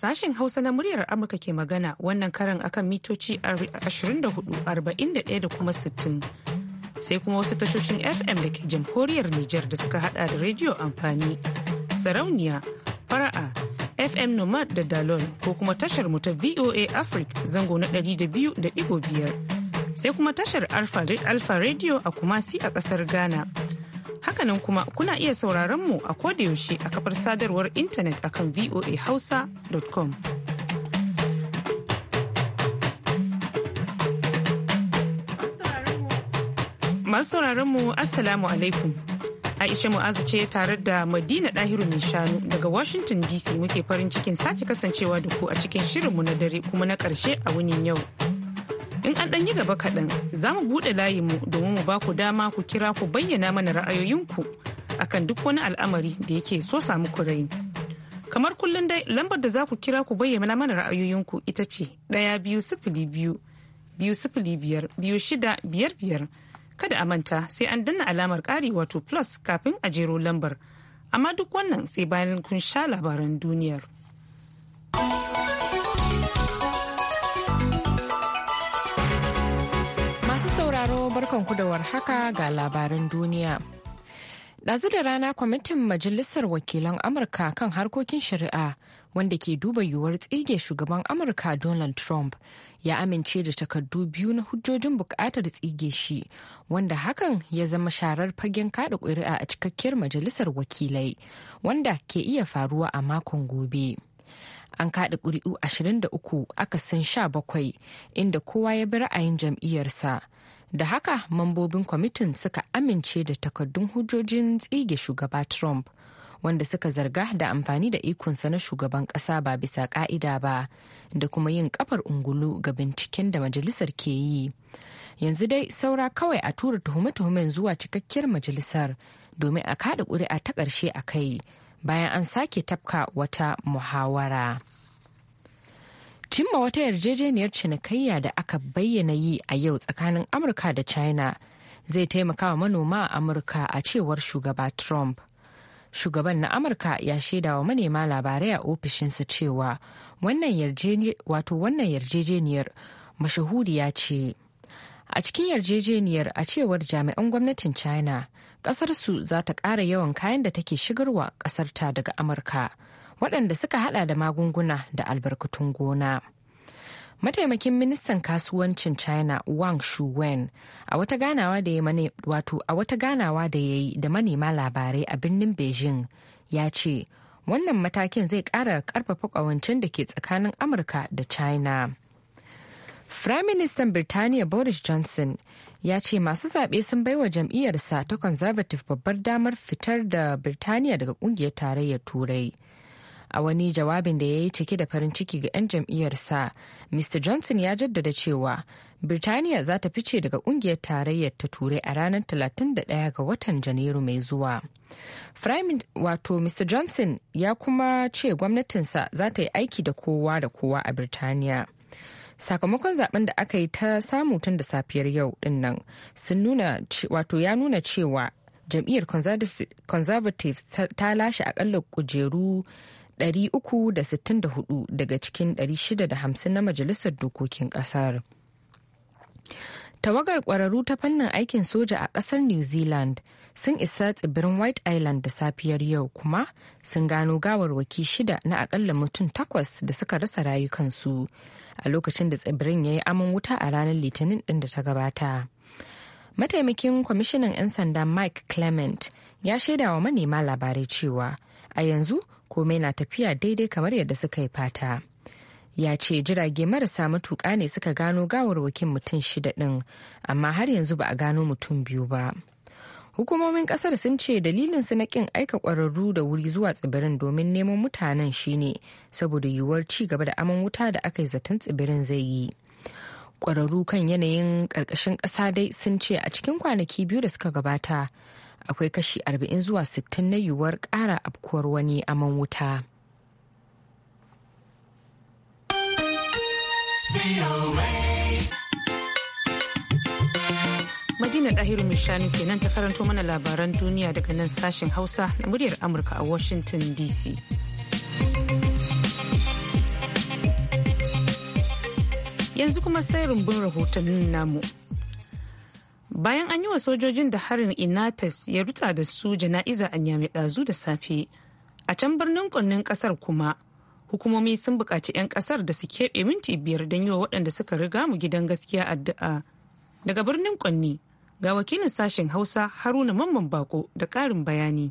Sashen Hausa na muryar Amurka ke magana wannan karan akan mitoci 24,41 da kuma 60. Sai kuma wasu tashoshin FM da ke jamhuriyar Nijar da suka hada da rediyo amfani, sarauniya, fara'a, FM Nomad da Dalol ko kuma tashar mu ta VOA Africa zango na 200.5. Sai kuma tashar Alfa Radio a Kumasi a kasar Ghana. Hakanan kuma kuna iya sauraron mu a yaushe a kafar sadarwar intanet akan voahausa.com. Masu sauraron mu Assalamu alaikum. Aisha Mu'azu ce tare da Madina Dahiru mai shanu daga Washington DC muke farin cikin sake kasancewa da ku a cikin shirin mu na dare kuma na ƙarshe a wunin yau. in an ɗanyi gaba kaɗan za mu buɗe layinmu domin mu ba ku dama ku kira ku bayyana mana ra'ayoyinku akan duk wani al'amari da yake so samu ku rai. Kamar kullum dai lambar da za ku kira ku bayyana mana ra'ayoyinku ita ce ɗaya biyu sifili biyu biyu sifili biyar biyu shida biyar biyar. Kada a manta sai an danna alamar ƙari wato plus kafin a jero lambar. Amma duk wannan sai bayan kun sha labaran duniyar. barkanku da warhaka ga labaran duniya. Ɗazu da rana kwamitin Majalisar Wakilan Amurka kan harkokin shari'a wanda ke duba yiwuwar tsige shugaban Amurka Donald Trump ya amince da takardu biyu na hujjojin bukatar tsige shi wanda hakan ya zama sharar fagen kaɗa ƙuri'a a cikakkiyar Majalisar Wakilai wanda ke iya faruwa a makon gobe. an kaɗa ƙuri'u 23 akasin 17 inda kowa ya bi ra'ayin jam'iyyarsa. Da haka mambobin kwamitin suka amince da takardun hujjojin tsige shugaba Trump. wanda suka zarga da amfani da ikonsa na shugaban ƙasa ba bisa ƙa'ida ba da kuma yin ƙafar ungulu ga binciken da majalisar ke yi yanzu dai saura kawai a tura tuhume-tuhumen zuwa cikakkiyar majalisar domin a kaɗa ƙuri'a ta ƙarshe a kai bayan an sake tafka wata muhawara. cimma wata yarjejeniyar cinikayya da aka bayyana yi a yau tsakanin amurka da china zai taimaka wa manoma a amurka a cewar shugaba trump shugaban na amurka ya shaida wa manema labarai a ofishinsa cewa wannan yarjejeniyar mashahuriya ce a cikin yarjejeniyar a cewar jami'an gwamnatin china kasar su za ta ƙara yawan kayan da take shigarwa ƙasarta daga amurka waɗanda suka hada da magunguna da albarkatun gona. Mataimakin ministan kasuwancin China Wang Shuwen a wata ganawa da ya wato a wata ganawa da ya yi da manema labarai a birnin Beijing ya ce wannan matakin zai ƙara ƙarfafa ƙawancin da ke tsakanin Amurka da China. Firaministan Birtaniya Boris Johnson ya ce masu zaɓe sun baiwa jam'iyyarsa ta Conservative babbar damar fitar da Birtaniya daga ƙungiyar tarayyar Turai. a wani jawabin da ya yi cike da farin ciki ga 'yan jam'iyyarsa mr johnson ya jaddada cewa birtaniya za ta fice daga kungiyar tarayyar ta turai a ranar 31 ga watan janairu mai zuwa wato mr johnson ya kuma ce gwamnatinsa za ta yi aiki da kowa da kowa a birtaniya sakamakon zaben da aka yi ta samu tun da safiyar yau dinnan sun nuna wato ya nuna cewa jam'iyyar conservative ta lashe akalla kujeru 364 daga cikin 650 na majalisar dokokin ƙasar. Tawagar ƙwararru ta fannin aikin soja a ƙasar New Zealand sun isa tsibirin White Island da safiyar yau kuma sun gano gawarwaki shida na akalla mutum takwas da suka rasa rayukansu a lokacin da tsibirin ya yi aman wuta a ranar litinin ɗin da ta gabata. Mataimakin kwamishinan 'yan sanda Mike Clement ya shaida wa manema labarai cewa a yanzu komai na tafiya daidai kamar yadda suka yi fata ya ce jirage marasa matuƙa ne suka gano gawar wakin mutum shida ɗin amma har yanzu ba a gano mutum biyu ba hukumomin kasar sun ce dalilin su na kin aika kwararru da wuri zuwa tsibirin domin neman mutanen shine saboda yiwuwar ci gaba da aman wuta da aka yi zaton tsibirin zai yi kwararru kan yanayin karkashin kasa dai sun ce a cikin kwanaki biyu da suka gabata akwai kashi 40 zuwa 60 na yiwuwar ƙara afkuwar wani aman wuta. Madina Dahiru mishanu kenan ta karanto mana labaran duniya daga nan sashen Hausa na muryar Amurka a Washington DC. Yanzu kuma sai rumbun rahotannin namu. bayan an yi wa sojojin da harin inatas ya rutsa da su jana'iza a nyame ɗazu da safe a can birnin kwannin ƙasar kuma hukumomi sun buƙaci 'yan ƙasar da su keɓe minti biyar don yi wa waɗanda suka riga mu gidan gaskiya addu'a daga birnin kwanni ga wakilin sashen hausa haruna mamman bako da ƙarin bayani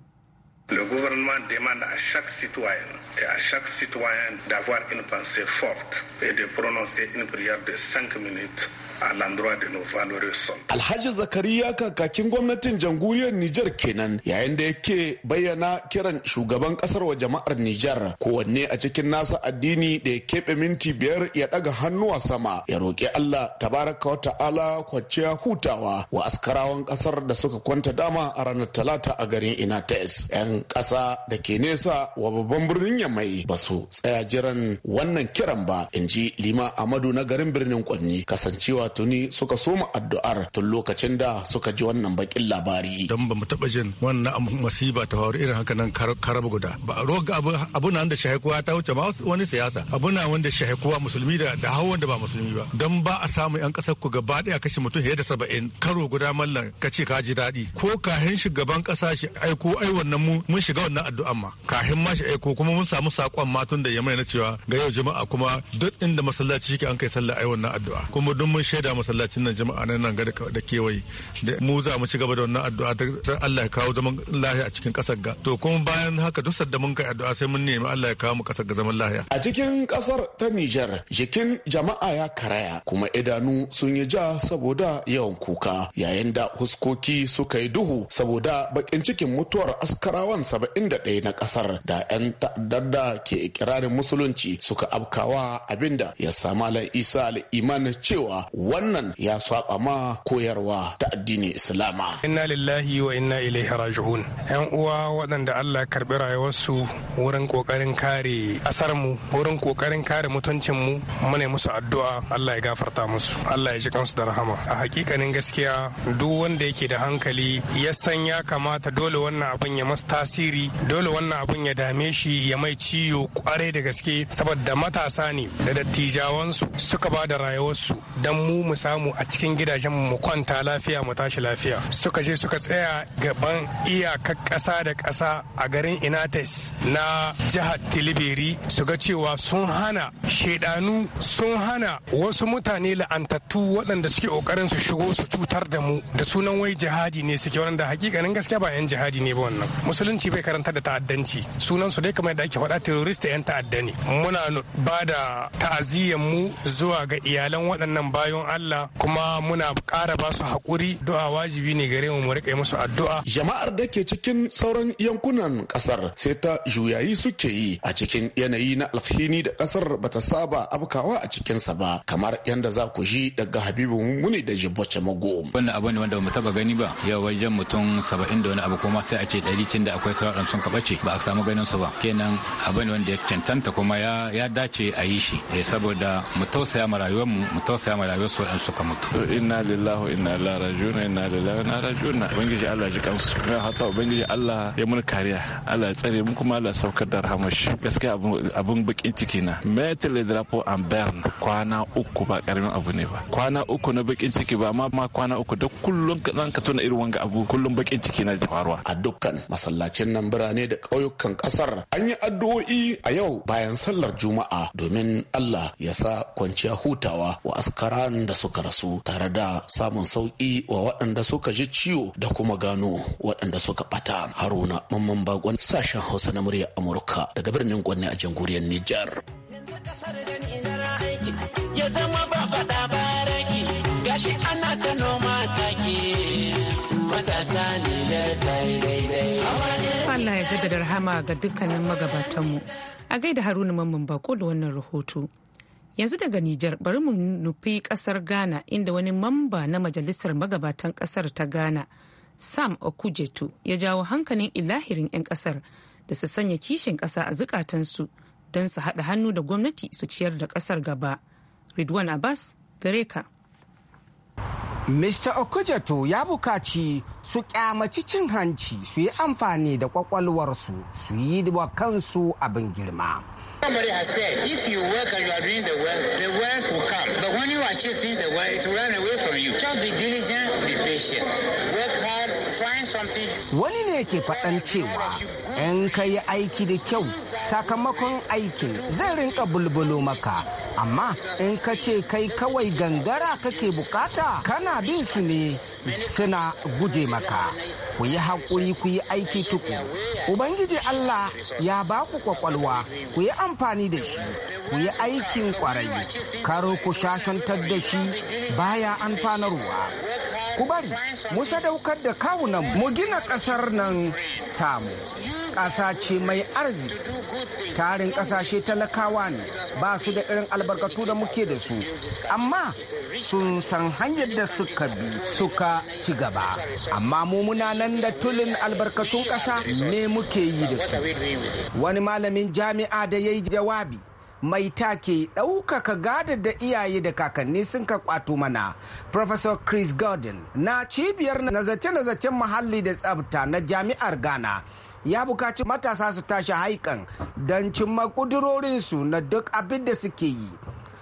Le gouvernement demande à chaque citoyen et à chaque citoyen d'avoir une pensée forte et de prononcer une prière de 5 minutes a landura de novalore sol. Alhaji Zakariya kakakin gwamnatin jamhuriyar Nijar kenan yayin da yake bayyana kiran shugaban kasar wa jama'ar Nijar kowanne a cikin nasa addini da ya keɓe minti biyar ya ɗaga hannuwa sama ya roƙi Allah tabaraka wa ta'ala kwanciya hutawa wa askarawan kasar da suka kwanta dama a ranar talata a garin Inates. 'Yan ƙasa da ke nesa wa babban birnin Yamai ba su tsaya jiran wannan kiran ba in ji Lima Amadu na garin birnin Kwanni kasancewa tuni suka soma addu'ar tun lokacin da suka ji wannan bakin labari. Don ba mu taɓa jin wannan masiba ta faru irin haka nan karab guda. Ba a roga abu na wanda shahikuwa ta wuce ma wani siyasa. Abu na wanda shahikuwa musulmi da da hawa wanda ba musulmi ba. Don ba a samu yan ƙasar ku gaba ɗaya kashe mutum fiye da saba'in karo guda mallan ka ce ka ji daɗi. Ko kahin shugaban ƙasa shi aiko ai wannan mu mun shiga wannan addu'an ma. Kahin ma shi aiko kuma mun samu saƙon ma tun da mai na cewa ga yau jama'a kuma duk inda masallaci shi ke an kai sallah ai wannan addu'a. Kuma duk mun shaida masallacin nan jama'a nan nan da kewaye da mu za mu ci gaba da wannan addu'a ta Allah ya kawo zaman lahiya a cikin kasar ga to kuma bayan haka duk sadda mun kai addu'a sai mun nemi Allah ya kawo mu kasar ga zaman lahiya a cikin kasar ta Niger jikin jama'a ya karaya kuma idanu sun yi ja saboda yawan kuka yayin da huskoki suka yi duhu saboda bakin cikin mutuwar askarawan 71 na kasar da 'yan ta'addar ke ikirarin musulunci suka afkawa abinda ya sama Isa al iman cewa wannan ya saba ma koyarwa ta addinin islama inna lillahi wa inna ilaihi raji'un yan uwa waɗanda Allah karbi rayuwarsu wurin kokarin kare asar mu wurin kokarin kare mutuncin mu muna musu addu'a Allah ya gafarta musu Allah ya ji kansu da rahama a hakikanin gaskiya duk wanda yake da hankali ya san ya kamata dole wannan abin ya masa tasiri dole wannan abin ya dame shi ya mai ciwo kwarai da gaske saboda matasa ne da dattijawansu suka ba da rayuwarsu don mu mu samu a cikin gidajen mu kwanta lafiya mu tashi lafiya suka je suka tsaya gaban iyakar ƙasa da ƙasa a garin inates na jihar tilibiri su ga cewa sun hana shaidanu sun hana wasu mutane la'antattu waɗanda suke ƙoƙarin su shigo su cutar da mu da sunan wai jihadi ne suke wanda hakikanin gaskiya ba 'yan jihadi ne ba wannan musulunci bai karanta da ta'addanci sunan su dai kamar da ake faɗa terrorist 'yan ta'adda ne muna ba da ta'aziyyar mu zuwa ga iyalan waɗannan bayon. don Allah kuma muna ƙara ba su haƙuri do'a wajibi ne gare mu mu riƙe musu addu'a. Jama'ar da ke cikin sauran yankunan ƙasar sai ta juyayi suke yi a cikin yanayi na alhini da ƙasar bata saba abkawa a cikinsa ba kamar yadda za ku ji daga Habibu Muni da Jibbace Mago. Wannan abu ne wanda ba mu taba gani ba yau wajen mutum saba'in da wani abu kuma sai a ce ɗari cin da akwai sauran sun kaɓace ba a samu ganin su ba kenan abu ne wanda ya cancanta kuma ya dace a yi shi eh, saboda mu tausaya ma rayuwarmu mu tausaya ma rayuwar su in suka mutu to inna lillahi inna ilaihi raji'un inna lillahi inna raji'un ubangiji Allah ji kansu ya hata ubangiji Allah ya mun kariya Allah ya tsare mu kuma Allah saukar da rahamar shi gaskiya abun bakin ciki na metal drapo and burn kwana uku ba karamin abu ne ba kwana uku na bakin ciki ba amma ma kwana uku da kullum kadan ka tuna irin wanga abu kullum bakin ciki na faruwa a dukkan masallacin nan birane da ƙauyukan kasar an yi addu'o'i a yau bayan sallar juma'a domin Allah ya sa kwanciya hutawa wa askaran waɗanda suka rasu tare da samun sauƙi wa waɗanda suka ji ciwo da kuma gano waɗanda suka ɓata haruna mamman bagon sashen hausa na murya amurka daga birnin gwanne a jamhuriyar nijar ya zama da daidai Allah ya jaddada rahama ga dukkanin magabatanmu a gaida haruna mamman bako da wannan rahoto yanzu daga Nijar bari mu nufi kasar Ghana inda wani mamba na majalisar magabatan kasar ta Ghana Sam Okujetu ya jawo hankalin ilahirin 'yan kasar da su sanya kishin kasa a zukatansu don su haɗa hannu da gwamnati su ciyar da kasar gaba. Ridwan Abbas gare ka. Mr. Okujetu ya bukaci su kyamaci cin hanci su yi amfani da kwakwalwarsu su yi wa kansu abin girma. Somebody has said, if you work and you are doing the work, the wealth will come. But when you are chasing the wealth, it will run away from you. Just be diligent, be patient. Work hard, find something. Wani ne ke faɗan cewa, ‘yan ka aiki da kyau, sakamakon aikin zai rinka bulbulo maka amma in ka ce kai kawai gangara kake bukata kana bin su ne suna guje maka ku yi haƙuri ku yi aiki tuku ubangiji allah ya ba ku kwakwalwa ku yi amfani da shi ku yi aikin kwarai karo ku shashantar da shi baya amfanarwa ku bari mu sadaukar da kawunan mu gina ƙasar nan tamu ƙasa ce mai arziki tarin ƙasashe talakawa ne ba su da irin albarkatu da muke da su amma sun san hanyar da suka bi suka ci gaba amma mu muna nan da tulin albarkatun ƙasa ne muke yi da su wani malamin jami'a da ya yi jawabi mai take ɗaukaka gadar da iyaye da kakanni sun ka kwato mana professor chris gordon na cibiyar nazarce-nazarcen muhalli da tsabta na jami'ar ghana ya bukaci matasa su tashi haikan don cimma ƙudurorinsu na duk abin da suke yi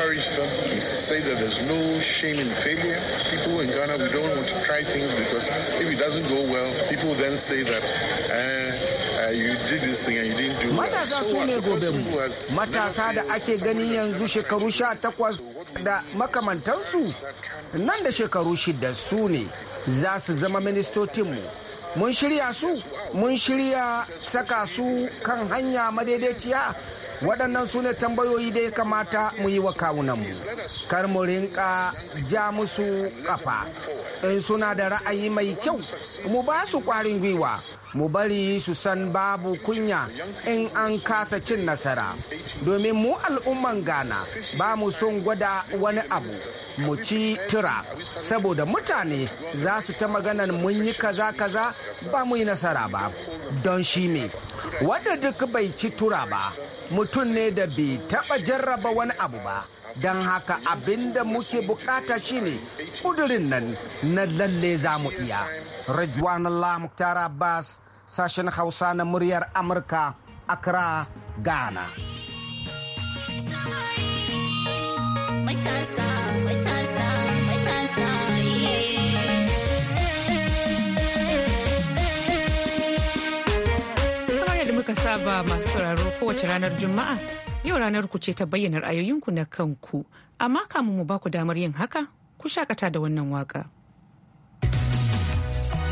encourage them to say that there's no shame in failure. People in Ghana, we don't want to try things because if it doesn't go well, people then say that uh, uh, you did this thing and you didn't do it. Matasa su ne gobe mu, matasa da ake gani yanzu shekaru sha takwas da makamantansu nan da shekaru shida su ne za su zama ministotinmu. Mun shirya su, mun shirya saka su kan hanya madaidaiciya waɗannan su ne tambayoyi da ya kamata mu yi wa kawunanmu kar mu rinka ja musu kafa in suna da ra'ayi mai kyau mu ba su ƙwarin gwiwa mu bari su san babu kunya in an kasa cin nasara domin mu al'umman ghana ba mu son gwada wani abu mu ci tura saboda mutane za su ta maganar mun yi kaza kaza ba mu yi nasara ba don shi ne wanda duk bai ci tura ba mutum ne da bai taba jarraba wani abu ba don haka abin da muke bukata shine kudurin nan na lalle za mu iya Ridwanullah Muktar Abbas sashen Hausa na muryar Amurka Accra, Ghana. da muka saba masu sauraro kowace ranar juma'a yau ranar ku ce ta bayyana ra'ayoyinku na kanku amma kamun mu baku damar yin haka ku shakata da wannan waka.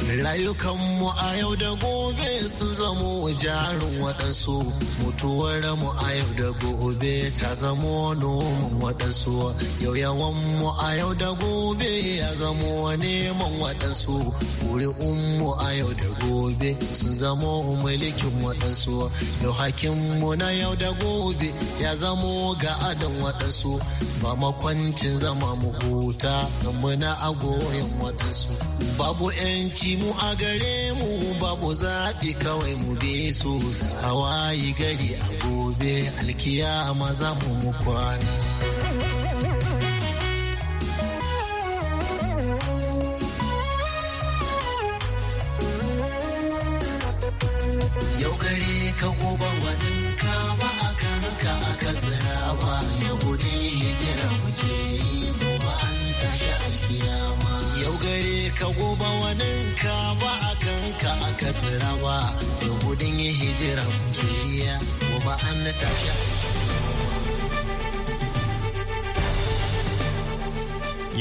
Rayukanmu a yau da gobe sun zamo jarin waɗansu, mutuwar mu a yau da gobe ta zamo noman waɗansu, yau yawan mu a yau da gobe ya zamo neman waɗansu, mu a yau da gobe sun zamo mulkin waɗansu, yau hakinmu na yau da gobe ya zamo ga adam waɗansu. ba makwancin zama mu huta don muna wata su babu yanci mu a gare mu babu zaɓi kawai mu be su hawaye gari a gobe alkiya maza mu mu kwana ka gobe wanin ka ba a kanka aka tsira ba da gudun yi hijira ke iya gobe an na tashi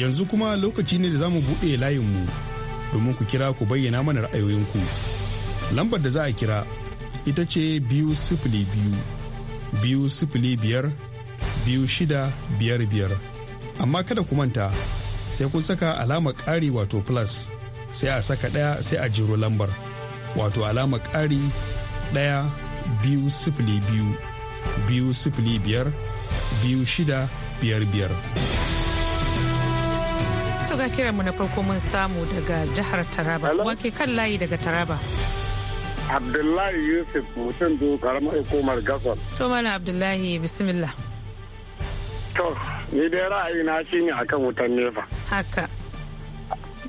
yanzu kuma lokaci ne da za mu buɗe layinmu domin ku kira ku bayyana mana ra'ayoyinku lambar da za a kira ita ce biyu sifili biyu biyu sifili biyar biyu shida biyar biyar amma kada ku manta sai kun saka alama ƙari wato plus sai a saka ɗaya sai a jiro lambar wato alama ƙari ɗaya biyu sifili biyu biyu sifili biyar biyu shida biyar biyar. kira kiranmu na farko mun samu daga jihar Taraba. Wake kan layi daga Taraba. Abdullahi Yusuf mutum do karamar hukumar Gasol. To Abdullahi bismillah. Ni dai ra'ayina shi ne akan wutan nefa. Haka.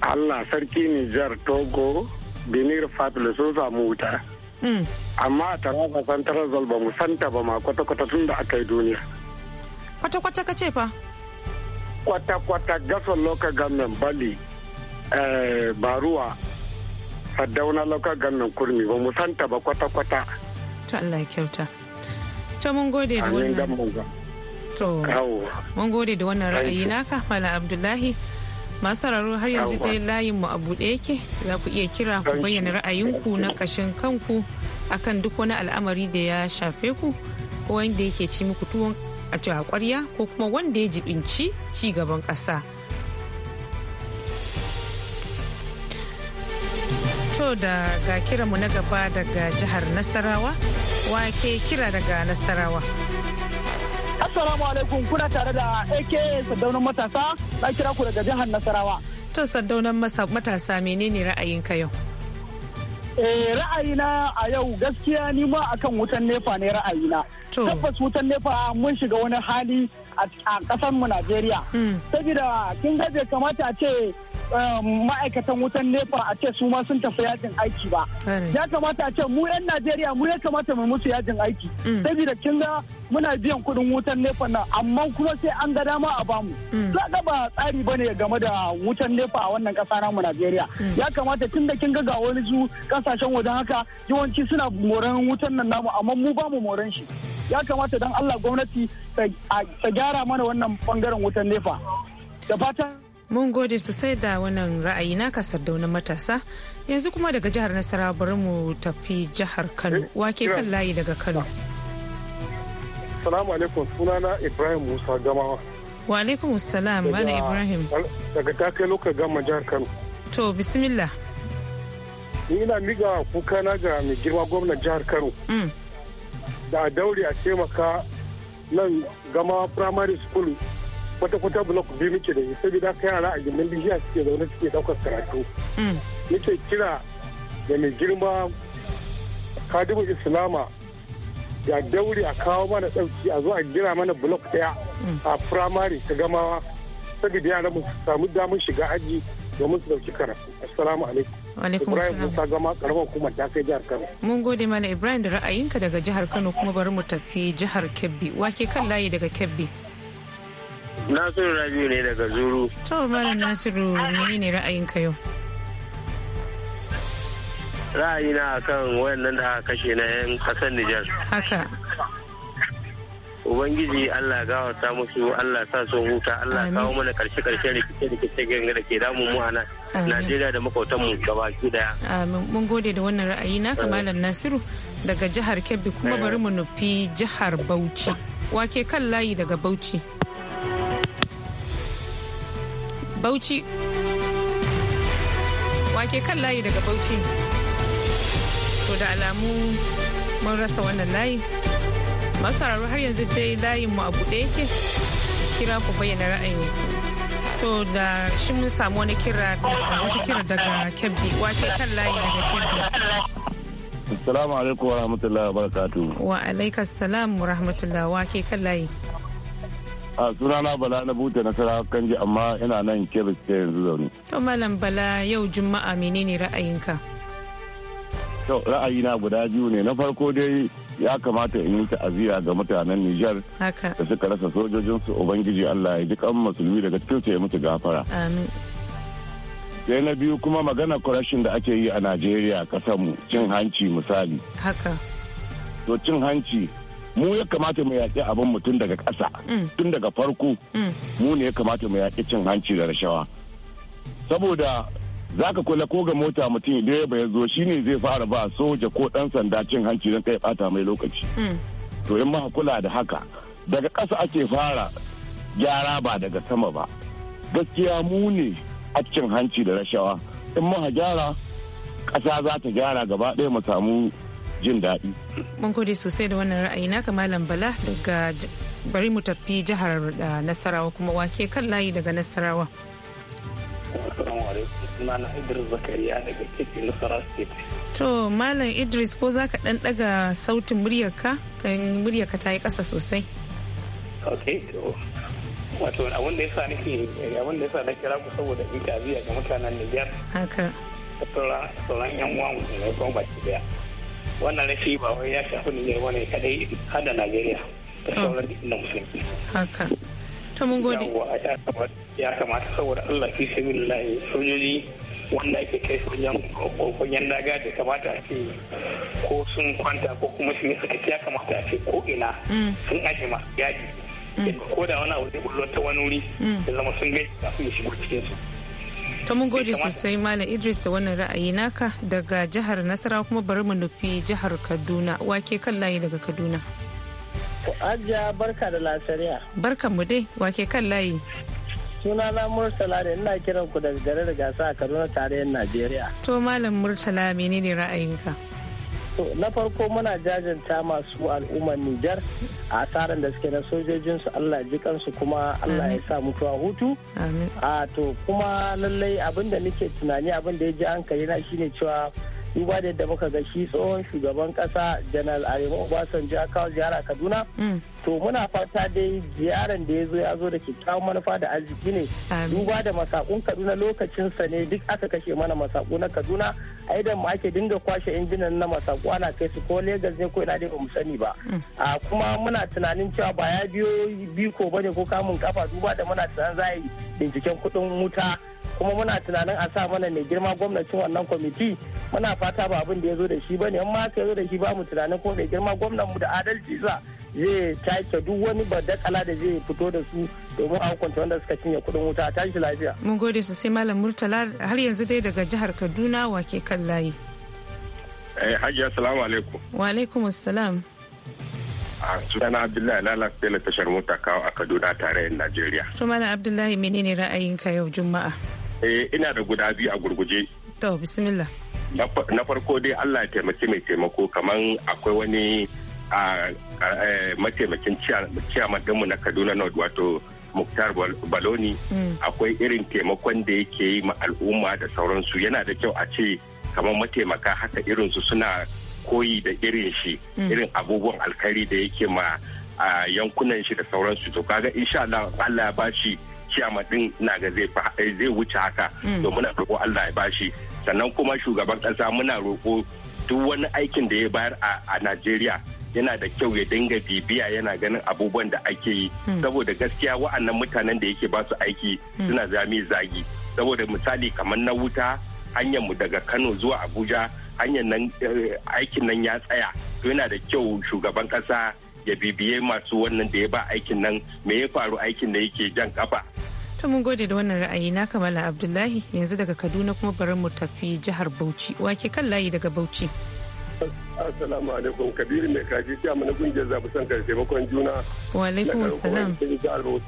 Allah sarki Nijar Togo Benin Republic sun samu wuta. Hmm. Amma a Taraba Santarar Zalba mu santa ba ma kwata-kwata tun da aka yi duniya. Kwata-kwata ka ce fa? Kwata-kwata gasar local government Bali eh, Baruwa Saddauna local government Kurmi ba mu santa ba kwata-kwata. To Allah ya kyauta. To mun gode da wannan. to mun gode da wannan ra'ayi naka malam abdullahi masu har yanzu dai layin mu a buɗe yake za ku iya kira ku bayyana ra'ayinku na ƙashin kanku akan duk wani al'amari da ya shafe ku ko wanda yake ci muku tuwon a cewa kwarya ko kuma wanda ya jibinci ci gaban ƙasa. To da ga mu na gaba daga jihar Nasarawa, wake kira daga Nasarawa. Assalamu alaikum kuna tare da AK sadaunan Matasa na kira ku daga jihar Nasarawa. To Saddaunan Matasa menene ra'ayinka yau? Eh ra'ayina a yau gaskiya ni ma akan wutan nefa ne ra'ayina. Tabbas wutan nefa mun shiga wani hali a kasar mu Najeriya. Hmm. Saboda kin gaje kamata ce Um, ma'aikatan wutan nefa a ce su ma sun tafi yajin aiki ba ya kamata a ce mu 'yan najeriya mu ya kamata mu musu yajin aiki mm. saboda kin ga muna biyan kudin wutan nefa nan amma kuma sai an ga dama a bamu mm. za ba tsari bane game da wutan nefa a wannan kasa namu najeriya mm. ya kamata tun da kin ga ga wani su kasashen wajen haka yawanci suna moran wutan nan namu amma mu ba mu moran shi ya kamata dan allah gwamnati ta gyara mana wannan bangaren wutan nefa da fatan mun gode sosai da wannan ra'ayi naka sardaunan matasa yanzu kuma daga jihar nasarawa bari mu tafi jihar kano eh, wake kan layi daga kano salamu alaikum sunana ibrahim musa gamawa wa alaikum salam bana ibrahim daga kai lokacin gama jihar kano to bismillah ni ina miga kukana ga mai girma gwamnan jihar kano mm. da a daure a taimaka nan gama primary school kwata-kwata block biyu muke da shi saboda ka yara a gindin bishiya suke zaune suke daukar karatu nake hmm. kira da mai girma kadibu islama ya dauri a kawo mana ɗauki a zo a gira mana blok daya hmm. a firamare ta gamawa saboda yara mu samu damar shiga aji domin su dauki karatu assalamu alaikum Mun gode mana Ibrahim da ra'ayinka daga jihar Kano kuma bari mu tafi jihar Kebbi. Wake kan layi daga Kebbi. Nasiru Rabiu ne daga Zuru. To Malam Nasiru menene ra'ayinka yau? Ra'ayina kan wayannan da aka kashe na 'yan kasar Nijar. Haka. Ubangiji Allah gawarta musu Allah sa sun huta Allah kawo mana karshe karshe rikice rikice ganga da ke damun mu a Najeriya da makwautan mu gaba ki daya. Amin mun gode da wannan ra'ayi na Kamalan Nasiru daga jihar Kebbi kuma bari mu nufi jihar Bauchi. Wake kan layi daga Bauchi. Bauchi. Wake kan layi daga Bauchi. To da alamu mun rasa wannan layi. Masararru har yanzu dai layin mu a buɗe yake. Kira ku bayyana ra'ayi. To da shi mun samu wani kira wata kira daga Kebbi. Wake kan layi daga Kebbi. Assalamu alaikum wa rahmatullahi wa barakatuhu. Wa alaikas wa rahmatullahi wa ke kan layi. a sunana bala na buta nasara kanji amma ina nan ke yanzu zaune to malam bala yau juma'a menene ra'ayinka to ra'ayina guda biyu ne na farko dai ya kamata in yi ta'aziyya ga mutanen Nijar da suka rasa sojojinsu ubangiji Allah ya ji kan musulmi daga cikin su ya mutu gafara sai na biyu kuma magana corruption da ake yi a Najeriya kasanmu cin hanci misali haka to cin hanci mu ya kamata mu yaƙi abin mutum daga ƙasa mm. tun daga farko mm. mu ne ya kamata mu yaƙi cin hanci da rashawa saboda za ka kula ko ga mota mutum direba ya zo shine zai fara ba soja ko ɗan sanda cin hanci don kai ɓata mai lokaci mm. to in ma kula da haka daga ƙasa ake fara gyara ba daga sama ba gaskiya mu ne a cin hanci da rashawa in ma gyara ƙasa za ta gyara gaba ɗaya mu samu jin daɗi. Mun gode sosai da wannan ra'ayi na Malam Bala daga bari mu tafi jihar uh, Nasarawa kuma wake kan layi daga Nasarawa. Idris daga To Malam Idris ko za ka ɗan ɗaga sautin muryarka kan muryarka ta yi ƙasa sosai. Ok to wato abin da yasa nake abin da sa na kira ku saboda in tabiya ga mutanen Nijar. Haka. Sauran yan uwa ne kuma baki daya. wannan rashi ba wai ya shafi Nijar wani kadai hada da Najeriya da oh. sauran na musulmi. Haka. Ta mun gode. Ya kamata saboda Allah fi sabilillahi sojoji wanda ake kai sojan kokonyan daga da kamata ce ko sun kwanta ko kuma sun yi sakaci ya kamata ce ko ina mm. sun aje masu yaji. Mm. Ko da wani abu zai bullo ta wani wuri mm. ya zama sun gai kafin ya shigo cikinsu. ta mun gode sosai malam idris da wannan ra'ayi naka daga jihar nasarawa kuma bari mu nufi jihar kaduna wake kan layi daga kaduna Ajiya barka da lasariya. Barkan mu dai wake kan layi. Sunana Murtala ne ina kiran ku daga garin gasa a Kaduna tarayyar Najeriya. To Malam Murtala menene ra'ayinka? na farko muna jajanta masu al'ummar Nijar a tsarin da suke na sojojinsu Allah ji kansu kuma Allah ya sa mutuwa hutu. A to kuma lallai abin da nake tunani abin da ya ji hankali na shine cewa duba da yadda muka ga shi tsohon shugaban kasa janar arewa obasan ya kawo ziyara kaduna mm. to muna fata dai ziyaran da ya zo ya zo da kyakkyawan manufa da arziki ne duba da masakun kaduna lokacinsa ne duk aka kashe mana masaku na kaduna a ma ake dinga kwashe injinan na masaku ana kai su ko legas ne ko ina dai ba mu sani ba mm. kuma muna tunanin cewa ba ya biyo biko bane ko kamun kafa duba da muna tunanin za a yi binciken kuɗin wuta kuma muna tunanin a sa mana ne girma gwamnatin wannan kwamiti muna fata ba abin da ya zo da shi ba ne amma ka zo da shi ba mu tunanin ko mai girma gwamnan mu da adalci sa zai take duk wani badakala da zai fito da su domin a hukunta wanda suka cinye kudin wuta a tashi lafiya. mun gode sai malam murtala har yanzu dai daga jihar kaduna wake kan layi. Eh, hajiya salamu alaikum. wa alaikum assalam. a sunana abdullahi lala tashar mota kawo a kaduna tarayyar najeriya. su malam abdullahi menene ra'ayinka yau juma'a. Eh, ina da guda biyu a gurguje. To bismillah. Na farko dai Allah ya taimaki mai taimako kamar akwai wani a eh, mataimakin ciyaman dinmu na Kaduna North wato Muktar Baloni mm. akwai irin taimakon da yake yi ma al'umma da sauransu yana da kyau a ce kamar mataimaka haka irinsu suna koyi da irin shi mm. irin abubuwan alkhairi da yake ma a yankunan shi da sauransu to kaga insha Allah Allah ya bashi kiyama din na ga eh, zai wuce haka hmm. to muna roƙo Allah ya bashi sannan kuma shugaban ƙasa muna roƙo duk wani aikin da ya bayar a Najeriya yana da kyau ya dinga bibiya yana ganin abubuwan da ake yi hmm. saboda gaskiya wa'annan mutanen da yake ba su aiki hmm. suna zami zagi saboda misali kamar na wuta hanyar mu daga Kano zuwa Abuja hanyar nan eh, aikin nan ya tsaya to yana da kyau shugaban ƙasa ya bibiye masu wannan da ya ba aikin nan me ya faru aikin da yake jan kafa ta mun gode da wannan ra'ayi na kamala abdullahi yanzu daga kaduna kuma bari mu tafi jihar bauchi wake kan layi daga bauchi Assalamu alaikum Kabiru mai kaji ta mana kungiyar zabi son kare taimakon juna. Wa alaikum salam.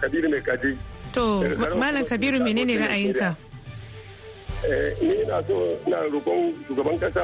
Kabiru mai kaji. To eh, malam Kabiru menene ra'ayinka? Eh, ni na so na roƙon shugaban kasa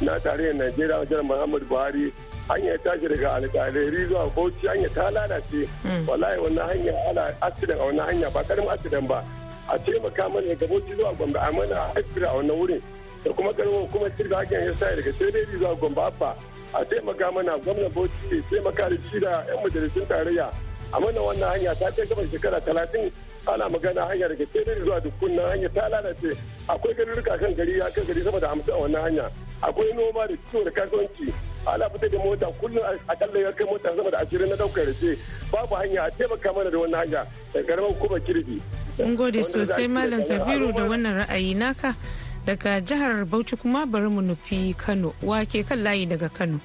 na tarayyar Najeriya jiran Muhammadu Buhari hanyar tashi daga rizo a bauchi hanyar ta lalace hmm. wallahi wannan hanya ana accident a wannan hanya ba karamin accident ba a taimaka mana ga bauchi zuwa gombe a mana aifira a wannan wurin da kuma karamin kuma shirga hakan ya sa daga sai a gombe abba a taimaka mana gwamnan bauchi taimaka da shi da yan majalisun tarayya a mana wannan hanya ta kai gaba shekara talatin ana magana hanya daga tsere zuwa dukkan hanya ta lalace akwai garuruka kan gari ya kan gari sama da hamsin a wannan hanya akwai noma da kiwo da kasuwanci ala fita da mota kullum akalla ya kai mota sama da ashirin na daukar ce babu hanya a taimaka mana da wannan hanya da karamar kuma kirbi. mun gode sosai malam kabiru da wannan ra'ayi naka daga jihar bauchi kuma bari mu nufi kano wake kan layi daga kano.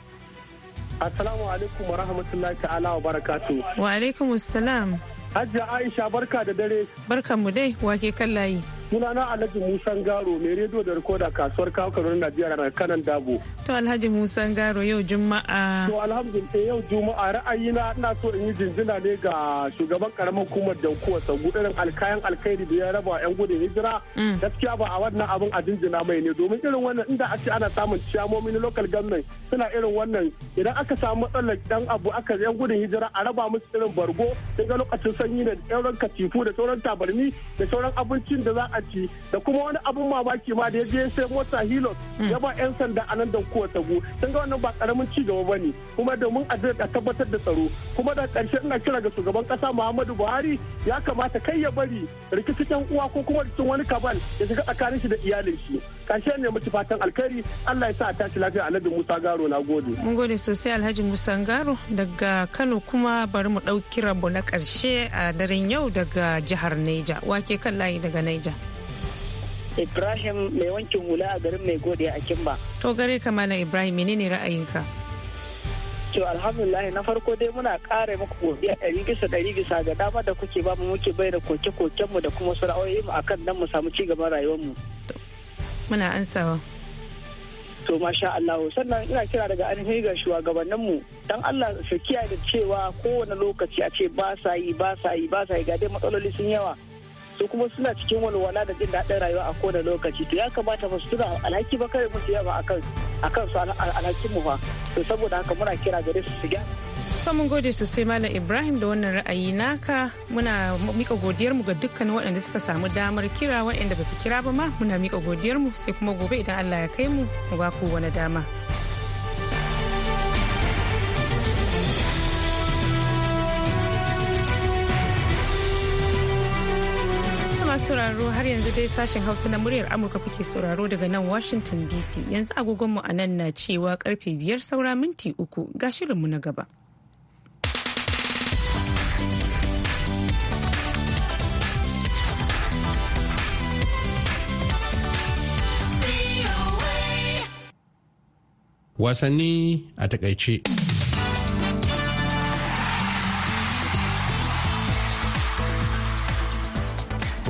assalamu alaikum wa rahmatullahi ta'ala wa barakatu. wa alaikum assalam. Hajja Aisha barka da dare. Barkan mu dai wake kan layi. sunana alhaji musan garo mai rediyo da rikoda kasuwar kawo najeriya daga kanan dabo to alhaji musan garo yau juma'a to alhamdulillah yau juma'a ra'ayina ina so in yi jinjina ne ga shugaban karamar hukumar dankuwa sagu irin alkayan alkairi da ya raba yan gudun hijira mm. gaskiya ba a wannan abin a jinjina mai ne domin irin wannan inda a ce ana samun na local government suna irin wannan idan aka samu matsalar yan abu aka yan gudun hijira a raba musu irin bargo daga lokacin sanyi da sauran katifu da sauran tabarni da sauran abincin da za a ci da kuma wani abun mamaki ma da ya je sai mota hilo ya ba 'yan sanda a nan da kowa tagu sun ga wannan ba karamin ci gaba ba ne kuma domin a da tabbatar da tsaro kuma da karshe ina kira ga shugaban kasa muhammadu buhari ya kamata kai ya bari rikicin uwa ko kuma rikicin wani kabal ya shiga tsakanin shi da iyalin shi karshe ne mu fatan alkhairi allah ya sa a tashi lafiya alhaji musa garo na gode mun gode sosai alhaji musa garo daga kano kuma bari mu ɗauki rabo na ƙarshe a daren yau daga jihar neja wake kan layi daga neja Ibrahim mai wankin hula a garin mai godiya a Kimba. To gare ka mana Ibrahim menene ra'ayinka? To alhamdulillah na farko dai muna kare muku godiya ɗari bisa ɗari bisa ga dama da kuke ba mu muke bai da koke koken mu da kuma sura'o'i mu akan nan mu samu ci gaban rayuwar mu. Muna ansawa. to masha Allah sannan ina kira daga ainihin ga shugabannin mu dan Allah su kiyaye da cewa kowane lokaci a ce ba sa yi ba sa yi ba sa yi ga dai matsaloli sun yawa su kuma suna cikin walwala da jin daɗin rayuwa a kowane lokaci to ya kamata ba su tuna alhaki ba kare musu yawa akan akan su alhakin mu fa to saboda haka muna kira gare su su ga samun mun gode sosai malam ibrahim da wannan ra'ayi naka muna mika godiyar mu ga dukkanin waɗanda suka samu damar kira waɗanda ba su kira ba ma muna mika godiyar mu sai kuma gobe idan allah ya kai mu mu ba ku wani dama sauraro har yanzu dai sashen hausa na muryar amurka kuke sauraro daga nan washington dc yanzu agogonmu a nan na cewa karfe biyar saura minti uku ga shirinmu na gaba wasanni a takaice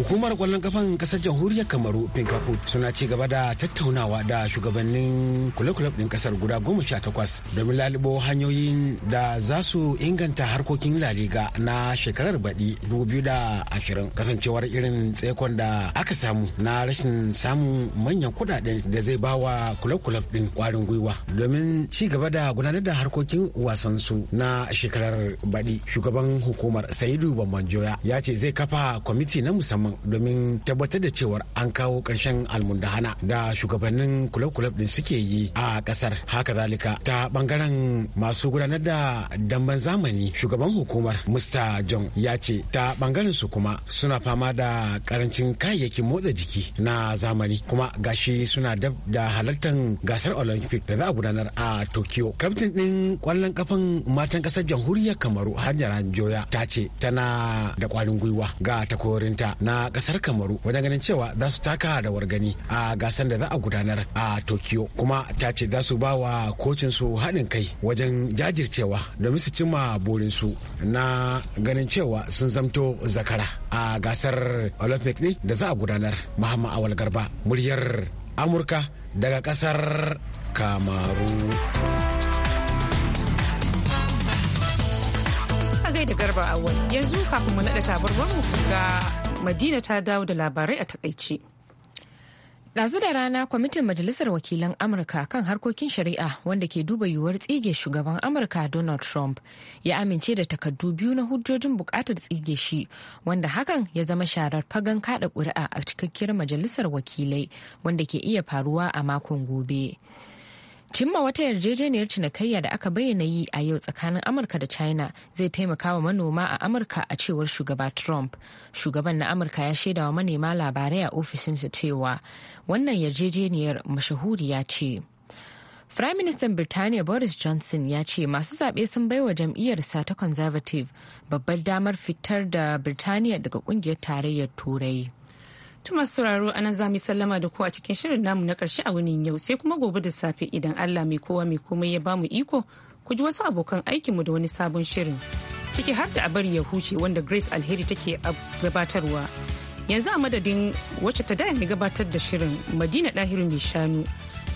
hukumar kwallon kafan kasar jamhuriyar kamaru pinkapu suna ci gaba da tattaunawa da shugabannin kule-kule din kasar guda goma sha takwas domin lalibo hanyoyin da za su inganta harkokin laliga na shekarar baɗi da ashirin kasancewar irin tsaikon da aka samu na rashin samun manyan kudaden da zai ba wa kule-kule din kwarin gwiwa domin ci gaba da gudanar da harkokin wasansu na shekarar baɗi shugaban hukumar saidu bambanjoya ya ce zai kafa kwamiti na musamman domin tabbatar da cewar an kawo ƙarshen almundahana da shugabannin kulab-kulab din suke yi a ƙasar haka zalika ta bangaren masu gudanar da damben zamani shugaban hukumar mr john ya ce ta bangaren su kuma suna fama da karancin kayayyakin motsa jiki na zamani kuma gashi suna dab da halartar gasar olympic da za a gudanar a tokyo kaftin din ƙwallon kafan matan kasar jamhuriyar kamaru hajjara joya ta ce tana da kwarin gwiwa ga takorinta na kasar kamaru wajen ganin cewa za su taka da gani a gasar da za a gudanar a tokyo kuma ta ce za su ba wa kocin su haɗin kai wajen jajircewa domin su cimma burinsu na ganin cewa sun zamto zakara a gasar olympic ne da za a gudanar muhammad awal garba muryar amurka daga kasar kamaru a da garba awal yanzu kafin mu naɗa tabarwar mu ga Madina ta dawo da labarai a takaice. Ɗazu da rana kwamitin Majalisar Wakilan Amurka kan harkokin shari'a wanda ke duba yiwuwar tsige shugaban Amurka Donald Trump ya amince da takardu biyu na hujjojin bukatar tsige shi wanda hakan ya zama sharar fagan kada ƙuri'a a cikakkiyar Majalisar Wakilai wanda ke iya faruwa a makon gobe. Cimma wata yarjejeniyar cinikayya da aka bayyana yi a yau tsakanin Amurka da China zai taimaka wa manoma a Amurka a cewar shugaba Trump. Shugaban na Amurka ya shaida wa manema labarai a ofishinsa cewa wannan yarjejeniyar mashahuriya ce. Firaministan Birtaniya Boris Johnson ya ce masu zaɓe sun baiwa jam'iyyarsa ta Conservative babbar damar fitar da Birtaniya daga ƙungiyar tarayyar Turai. Tuma sauraro anan za mu sallama da ku a cikin shirin namu na karshe a wunin yau sai kuma gobe da safe idan Allah mai kowa mai komai ya bamu iko ku ji wasu abokan mu da wani sabon shirin. Ciki har da a bari ya huce wanda Grace Alheri take gabatarwa. Yanzu a madadin wacce ta daya gabatar da shirin Madina Dahiru mai shanu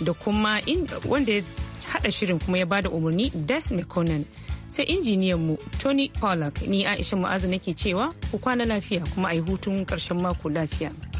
da kuma wanda ya hada shirin kuma ya bada umarni Des McConnell. sai injiniyan mu tony pollack ni aisha mu'azu nake cewa ku kwana lafiya kuma a yi hutun karshen mako lafiya.